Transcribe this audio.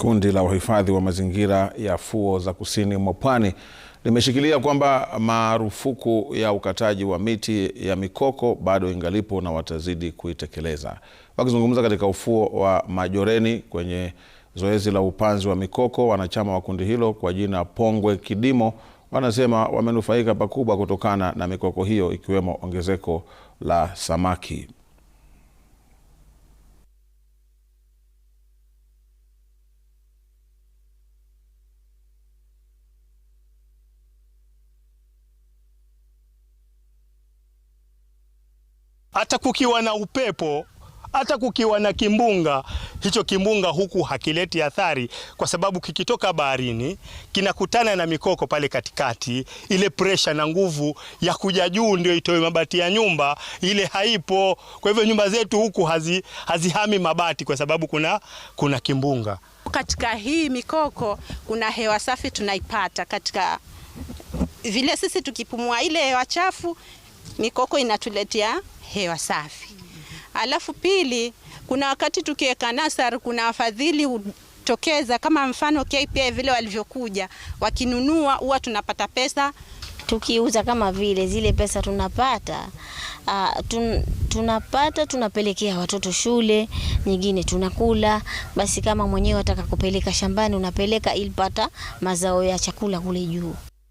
Kundi la uhifadhi wa mazingira ya fuo za kusini mwa pwani limeshikilia kwamba marufuku ya ukataji wa miti ya mikoko bado ingalipo na watazidi kuitekeleza. Wakizungumza katika ufuo wa Majoreni kwenye zoezi la upanzi wa mikoko, wanachama wa kundi hilo kwa jina Pongwe Kidimo wanasema wamenufaika pakubwa kutokana na mikoko hiyo, ikiwemo ongezeko la samaki. hata kukiwa na upepo hata kukiwa na kimbunga, hicho kimbunga huku hakileti athari, kwa sababu kikitoka baharini kinakutana na mikoko pale katikati. Ile presha na nguvu ya kuja juu ndio itoe mabati ya nyumba, ile haipo. Kwa hivyo nyumba zetu huku hazi, hazihami mabati kwa sababu kuna, kuna kimbunga. Katika hii mikoko kuna hewa safi tunaipata katika vile, sisi tukipumua ile hewa chafu mikoko inatuletea hewa safi. Alafu pili, kuna wakati tukiweka nasari, kuna wafadhili hutokeza kama mfano KPI vile walivyokuja wakinunua, huwa tunapata pesa tukiuza kama vile zile pesa tunapata uh, tun, tunapata tunapelekea watoto shule, nyingine tunakula. Basi kama mwenyewe wataka kupeleka shambani, unapeleka ilipata mazao ya chakula kule juu.